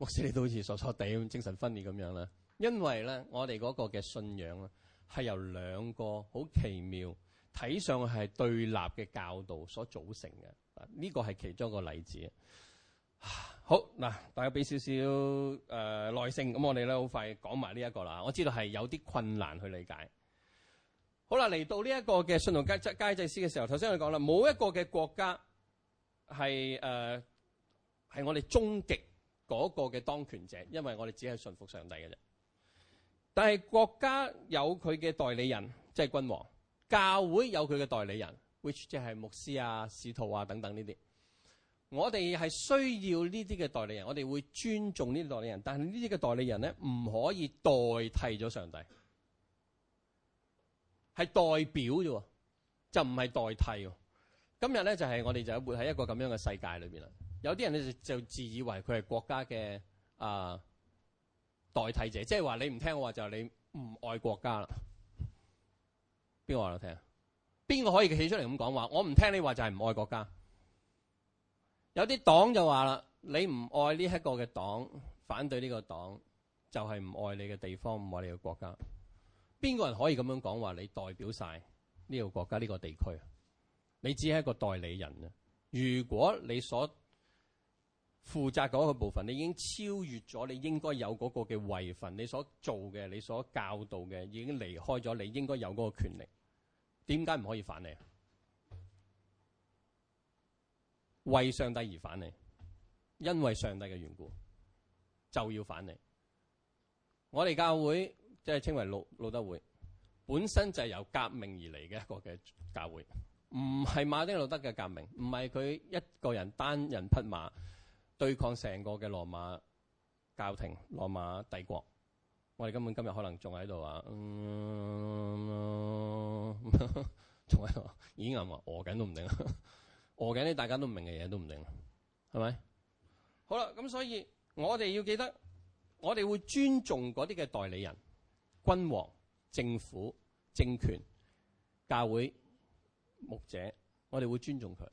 有 時你都好似傻傻地咁，精神分裂咁樣啦。因為咧，我哋嗰個嘅信仰咧，係由兩個好奇妙、睇上去係對立嘅教導所組成嘅。呢個係其中一個例子。好嗱，大家俾少少誒耐性，咁我哋咧好快講埋呢一個啦。我知道係有啲困難去理解。好啦，嚟到呢一個嘅信徒皆祭司嘅時候，頭先我哋講啦，冇一個嘅國家係誒係我哋終極嗰個嘅當權者，因為我哋只係信服上帝嘅啫。但係國家有佢嘅代理人，即係君王；教會有佢嘅代理人，which 即係牧師啊、使徒啊等等呢啲。我哋係需要呢啲嘅代理人，我哋會尊重呢啲代理人，但係呢啲嘅代理人咧唔可以代替咗上帝。係代表啫，就唔係代替的。今日咧就係我哋就活喺一個咁樣嘅世界裏邊啦。有啲人咧就自以為佢係國家嘅啊、呃、代替者，即係話你唔聽我話就係你唔愛國家啦。邊個話嚟聽？邊個可以企出嚟咁講話？我唔聽你話就係唔愛國家。有啲黨就話啦，你唔愛呢一個嘅黨，反對呢個黨就係唔愛你嘅地方，唔愛你嘅國家。邊個人可以咁樣講話？你代表晒呢個國家、呢個地區？你只係一個代理人啦。如果你所負責嗰個部分，你已經超越咗你應該有嗰個嘅位份，你所做嘅，你所教導嘅，已經離開咗你應該有嗰個權力。點解唔可以反你？為上帝而反你，因為上帝嘅緣故，就要反你。我哋教會。即係稱為路路德會，本身就係由革命而嚟嘅一個嘅教會，唔係馬丁路德嘅革命，唔係佢一個人單人匹馬對抗成個嘅羅馬教廷、羅馬帝國。我哋根本今日可能仲喺度啊，嗯，仲喺度，已經暗話餓緊都唔定啦，餓緊呢大家都唔明嘅嘢都唔定啦，係咪？好啦，咁所以我哋要記得，我哋會尊重嗰啲嘅代理人。君王、政府、政權、教會、牧者，我哋會尊重佢，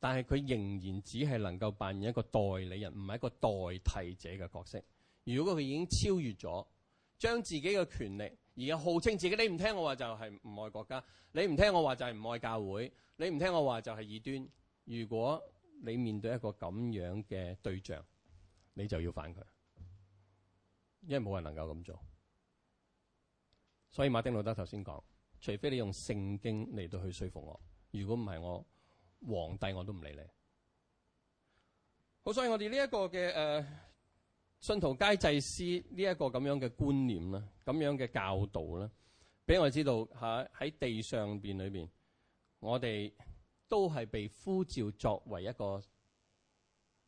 但係佢仍然只係能夠扮演一個代理人，唔係一個代替者嘅角色。如果佢已經超越咗，將自己嘅權力而號稱自己，你唔聽我話就係唔愛國家，你唔聽我話就係唔愛教會，你唔聽我話就係異端。如果你面對一個咁樣嘅對象，你就要反佢，因為冇人能夠咁做。所以馬丁路德頭先講，除非你用聖經嚟到去說服我，如果唔係，我皇帝我都唔理你。好，所以我哋呢一個嘅誒，uh, 信徒皆祭司呢一個咁樣嘅觀念啦，咁樣嘅教導啦，俾我哋知道吓，喺地上邊裏邊，我哋都係被呼召作為一個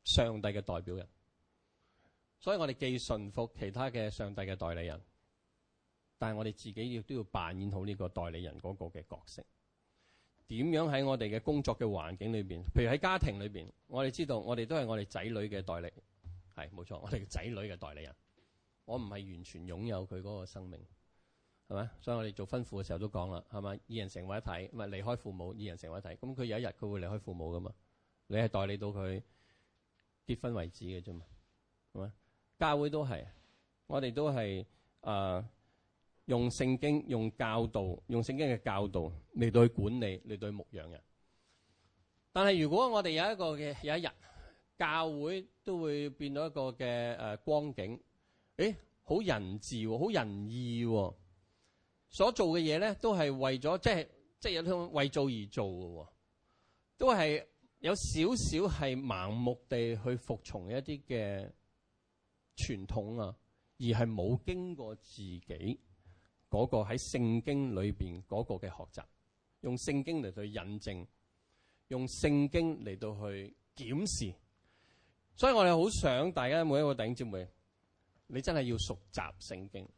上帝嘅代表人。所以我哋既順服其他嘅上帝嘅代理人。但係我哋自己亦都要扮演好呢個代理人嗰個嘅角色，點樣喺我哋嘅工作嘅環境裏面，譬如喺家庭裏面，我哋知道我哋都係我哋仔女嘅代理，係冇錯，我哋嘅仔女嘅代理人，我唔係完全擁有佢嗰個生命，係咪？所以我哋做婚副嘅時候都講啦，係咪？二人成為一體，唔離開父母，二人成為一體。咁佢有一日佢會離開父母噶嘛？你係代理到佢結婚為止嘅啫嘛？係嘛？教會都係，我哋都係用聖經、用教導、用聖經嘅教導嚟到去管理，嚟到去牧羊人。但係如果我哋有一個嘅有一日教會都會變到一個嘅誒光景，誒、欸、好仁慈，哦、好仁義，哦，所做嘅嘢咧都係為咗即係即係有啲為做而做嘅，哦，都係有少少係盲目地去服從一啲嘅傳統啊，而係冇經過自己。嗰個喺聖經裏面嗰個嘅學習，用聖經嚟去印證，用聖經嚟到去檢視。所以我哋好想大家每一個弟兄姊妹，你真係要熟習聖經、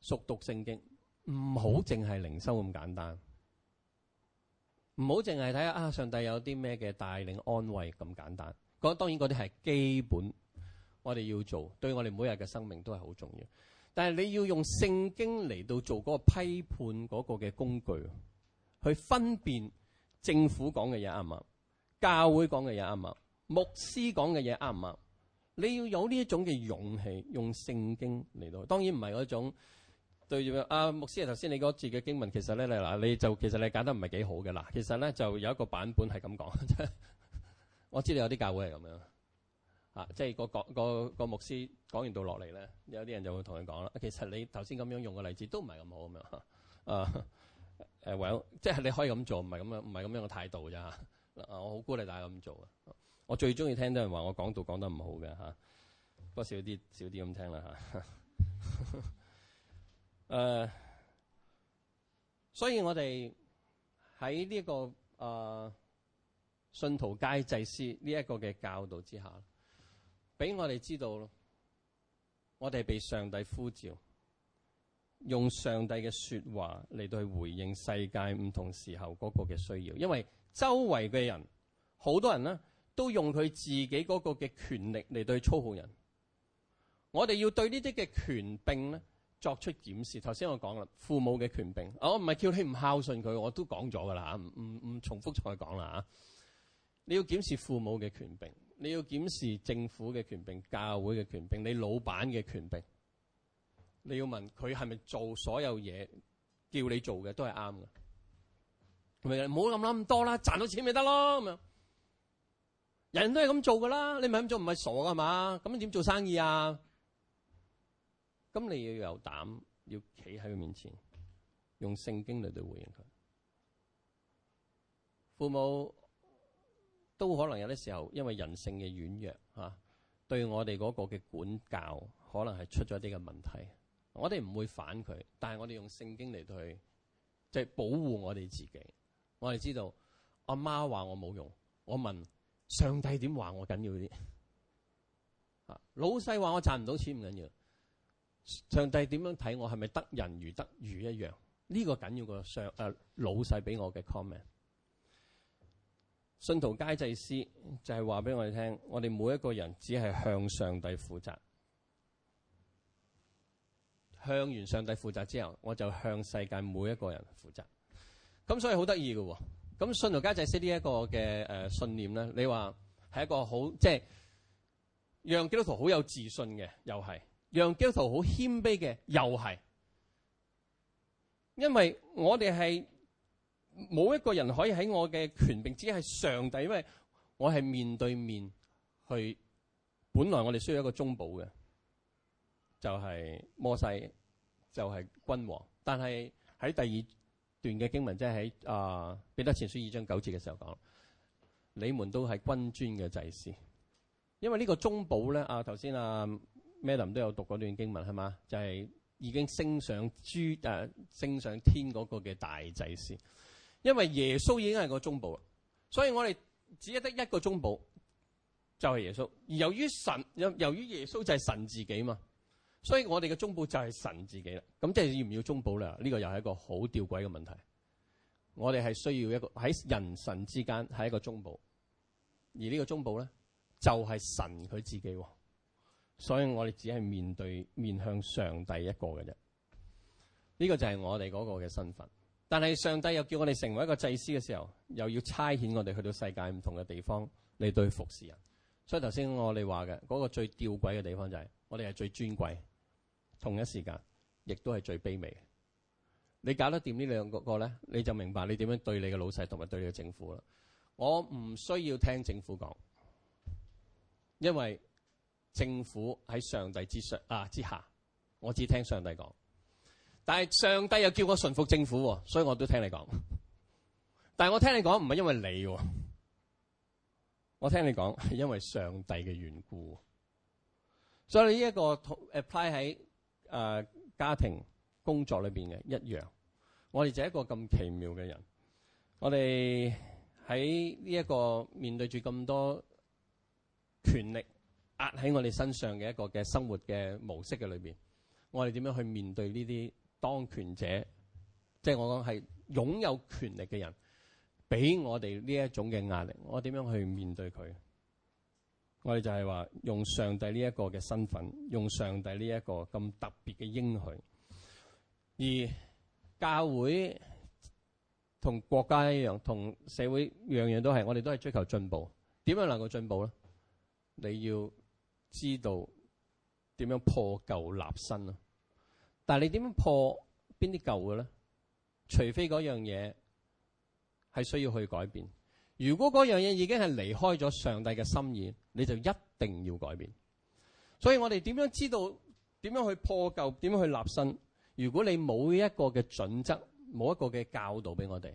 熟讀聖經，唔好淨係靈修咁簡單，唔好淨係睇下啊上帝有啲咩嘅帶領安慰咁簡單。嗰當然嗰啲係基本，我哋要做，對我哋每日嘅生命都係好重要。但係你要用聖經嚟到做嗰個批判嗰個嘅工具，去分辨政府講嘅嘢啱唔啱，教會講嘅嘢啱唔啱，牧師講嘅嘢啱唔啱。你要有呢一種嘅勇氣，用聖經嚟到。當然唔係嗰種對住阿、啊、牧師頭先你嗰節嘅經文，其實咧你嗱你就其實你揀得唔係幾好嘅喇。其實咧就有一個版本係咁講， 我知你有啲教會係咁樣。即係、嗰個、嗰個牧師講完道落嚟咧，有啲人就會同佢講啦。其實你頭先咁樣用個例子都唔係咁好咁樣。誒、啊、誒，唯有即係你可以咁做，唔係咁樣，唔係咁樣嘅態度啫。我好鼓勵大家咁做啊！我最中意聽啲人話我講道講得唔好嘅嚇，不過少啲少啲咁聽啦嚇。誒、啊，所以我哋喺呢個誒、啊、信徒階祭司呢一個嘅教導之下。俾我哋知道，我哋被上帝呼召，用上帝嘅說話嚟對回應世界唔同時候嗰個嘅需要。因為周圍嘅人，好多人呢，都用佢自己嗰個嘅權力嚟對操控人。我哋要對呢啲嘅權柄咧作出檢視。頭先我講啦，父母嘅權柄，我唔係叫你唔孝順佢，我都講咗噶啦，唔唔唔重複再講啦。吓，你要檢視父母嘅權柄。你要檢視政府嘅權柄、教會嘅權柄、你老闆嘅權柄。你要問佢係咪做所有嘢叫你做嘅都係啱嘅，係咪？唔好咁諗咁多啦，賺到錢咪得咯咁樣。人，人都係咁做噶啦，你咪係咁做唔係傻噶嘛？咁點做生意啊？咁你要有膽，要企喺佢面前，用聖經嚟到回應佢。父母。都可能有啲時候，因為人性嘅軟弱，吓對我哋嗰個嘅管教，可能係出咗啲嘅問題。我哋唔會反佢，但係我哋用聖經嚟到去，就係、是、保護我哋自己。我哋知道阿媽話我冇用，我問上帝點話我緊要啲。啊，老細話我賺唔到錢唔緊要，上帝點樣睇我係咪得人如得魚一樣？呢、這個緊要過上誒老細俾我嘅 comment。信徒皆祭司就係話俾我哋聽，我哋每一個人只係向上帝負責，向完上帝負責之後，我就向世界每一個人負責。咁所以好得意嘅，咁信徒皆祭司呢一個嘅誒信念咧，你話係一個好即係讓基督徒好有自信嘅，又係讓基督徒好謙卑嘅，又係，因為我哋係。冇一個人可以喺我嘅權柄之，係上帝，因為我係面對面去。本來我哋需要一個中保嘅，就係、是、摩西，就係、是、君王。但係喺第二段嘅經文，即係喺啊彼得前書二章九節嘅時候講，你們都係君尊嘅祭司，因為呢個中保咧啊，頭先阿 Madam 都有讀嗰段經文係嘛，就係、是、已經升上諸誒、啊、升上天嗰個嘅大祭司。因為耶穌已經係個中保啦，所以我哋只係得一個中保，就係、是、耶穌。而由於神，由由於耶穌就係神自己嘛，所以我哋嘅中保就係神自己啦。咁即係要唔要中保咧？呢、這個又係一個好吊詭嘅問題。我哋係需要一個喺人神之間係一個中保，而呢個中保咧就係、是、神佢自己。所以我哋只係面對面向上帝一個嘅啫。呢、這個就係我哋個嘅身份。但係上帝又叫我哋成為一個祭司嘅時候，又要差遣我哋去到世界唔同嘅地方你對服侍人。所以頭先我哋話嘅嗰個最吊詭嘅地方就係、是，我哋係最尊貴，同一時間亦都係最卑微嘅。你搞得掂呢兩個個咧，你就明白你點樣對你嘅老細同埋對你嘅政府啦。我唔需要聽政府講，因為政府喺上帝之上啊之下，我只聽上帝講。但係上帝又叫我順服政府，所以我都聽你講。但係我聽你講唔係因為你，我聽你講係因為上帝嘅緣故。所以呢一個 apply 喺誒家庭、工作裏邊嘅一樣，我哋就係一個咁奇妙嘅人。我哋喺呢一個面對住咁多權力壓喺我哋身上嘅一個嘅生活嘅模式嘅裏邊，我哋點樣去面對呢啲？當權者，即係我講係擁有權力嘅人，俾我哋呢一種嘅壓力，我點樣去面對佢？我哋就係話用上帝呢一個嘅身份，用上帝呢一個咁特別嘅應許，而教會同國家一樣，同社會樣樣都係，我哋都係追求進步。點樣能夠進步咧？你要知道點樣破舊立新但係你點樣破邊啲舊嘅咧？除非嗰樣嘢係需要去改變。如果嗰樣嘢已經係離開咗上帝嘅心意，你就一定要改變。所以我哋點樣知道點樣去破舊？點樣去立新？如果你冇一個嘅準則，冇一個嘅教導俾我哋，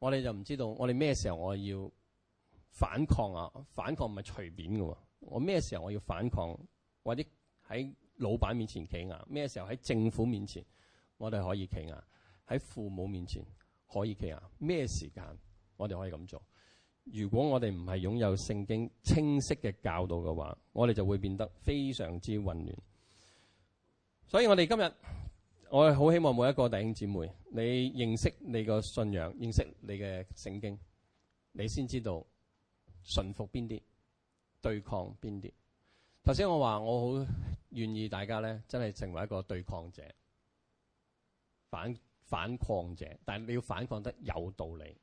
我哋就唔知道我哋咩時候我要反抗啊！反抗唔係隨便㗎，我咩時候我要反抗？或者喺？老闆面前企硬，咩時候喺政府面前我哋可以企硬？喺父母面前可以企硬？咩時間我哋可以咁做？如果我哋唔係擁有聖經清晰嘅教導嘅話，我哋就會變得非常之混亂。所以我哋今日我好希望每一個弟兄姊妹，你認識你個信仰，認識你嘅聖經，你先知道順服邊啲，對抗邊啲。頭先我話我好。願意大家咧，真係成為一個對抗者、反反抗者，但係你要反抗得有道理，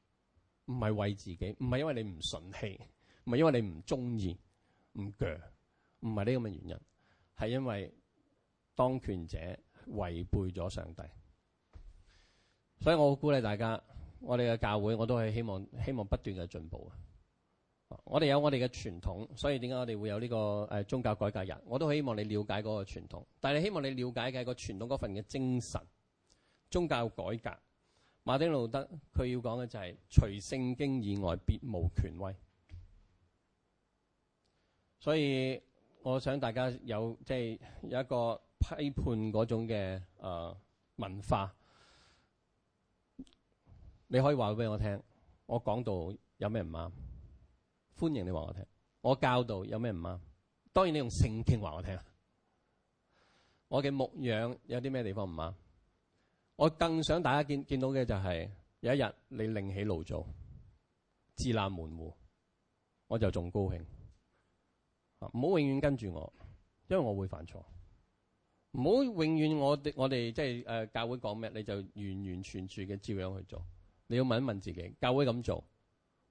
唔係為自己，唔係因為你唔順氣，唔係因為你唔中意、唔倔，唔係呢個嘅原因，係因為當權者違背咗上帝。所以我好鼓勵大家，我哋嘅教會我都係希望，希望不斷嘅進步啊！我哋有我哋嘅傳統，所以點解我哋會有呢個誒宗教改革日？我都希望你了解嗰個傳統，但係希望你了解嘅係個傳統嗰份嘅精神。宗教改革，馬丁路德佢要講嘅就係除聖經以外，別無權威。所以我想大家有即係、就是、有一個批判嗰種嘅誒、呃、文化，你可以話俾我聽，我講到有咩唔啱？歡迎你話我聽，我教導有咩唔啱？當然你用聖經話我聽。我嘅牧養有啲咩地方唔啱？我更想大家見見到嘅就係、是、有一日你另起爐灶自立門戶，我就仲高興。啊，唔好永遠跟住我，因為我會犯錯。唔好永遠我我哋即係誒教會講咩你就完完全全嘅照樣去做。你要問一問自己，教會咁做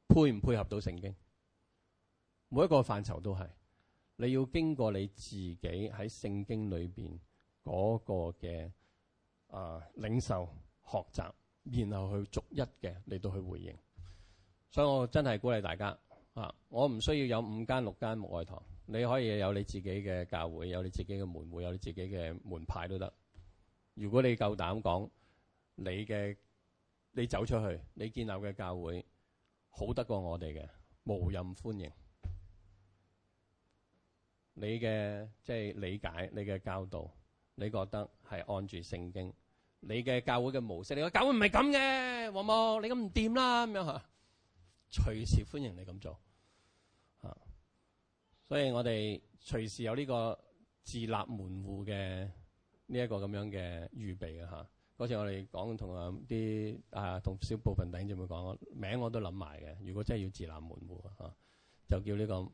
配唔配合到聖經？每一個範疇都係，你要經過你自己喺聖經裏邊嗰個嘅啊、呃、領受學習，然後去逐一嘅你都去回應。所以我真係鼓勵大家啊！我唔需要有五間六間外堂，你可以有你自己嘅教會，有你自己嘅門戶，有你自己嘅門派都得。如果你夠膽講你嘅，你走出去，你建立嘅教會好得過我哋嘅，無任歡迎。你嘅即係理解，你嘅教導，你覺得係按住聖經，你嘅教會嘅模式，你話教會唔係咁嘅，王母，你咁唔掂啦，咁樣吓，隨時歡迎你咁做吓，所以我哋隨時有呢個自立門戶嘅呢一個咁樣嘅預備嘅吓，嗰次我哋講同啊、啲、啊、同少部分弟兄姊妹講，名我都諗埋嘅，如果真係要自立門戶吓，就叫呢個。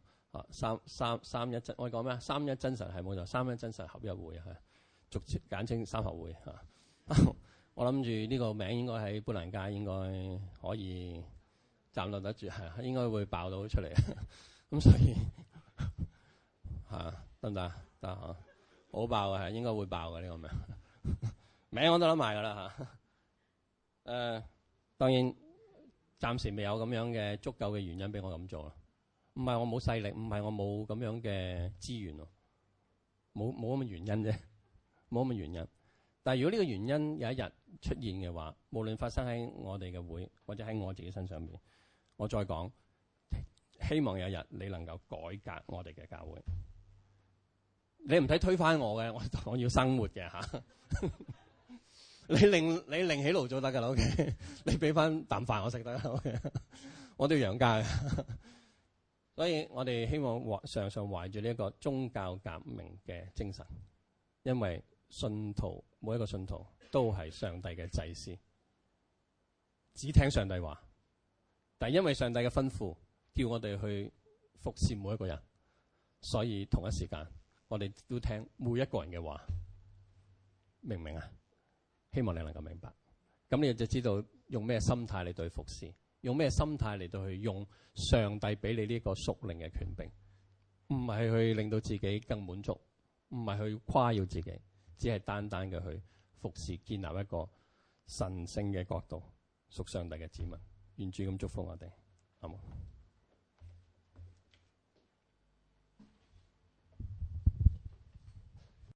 三三三一真我講咩啊？三一真神係冇錯，三一真神合一會係，簡稱三合會吓。我諗住呢個名應該喺砵蘭街應該可以站立得住吓，應該會爆到出嚟。咁所以吓得唔得？得好爆嘅係，應該會爆嘅呢，這個名名我都諗埋噶啦吓。誒、呃，當然暫時未有咁樣嘅足夠嘅原因俾我咁做。唔係我冇勢力，唔係我冇咁樣嘅資源咯，冇冇咁嘅原因啫，冇咁嘅原因。但係如果呢個原因有一日出現嘅話，無論發生喺我哋嘅會，或者喺我自己身上邊，我再講，希望有一日你能夠改革我哋嘅教會。你唔使推翻我嘅，我我要生活嘅嚇。 你另、okay? 你另起爐做得噶啦，O K。你俾翻啖飯我食得啦，O K。我都要養家嘅。 所以我哋希望常常懷住呢一個宗教革命嘅精神，因為信徒每一個信徒都係上帝嘅祭司，只聽上帝話。但係因為上帝嘅吩咐叫我哋去服侍每一個人，所以同一時間我哋都聽每一個人嘅話。明唔明啊？希望你能夠明白。咁你就知道用咩心態嚟對服侍。用咩心態嚟到去用上帝俾你呢個屬靈嘅權柄，唔係去令到自己更滿足，唔係去誇耀自己，只係單單嘅去服侍建立一個神聖嘅國度，屬上帝嘅子民，願主咁祝福我哋，好冇？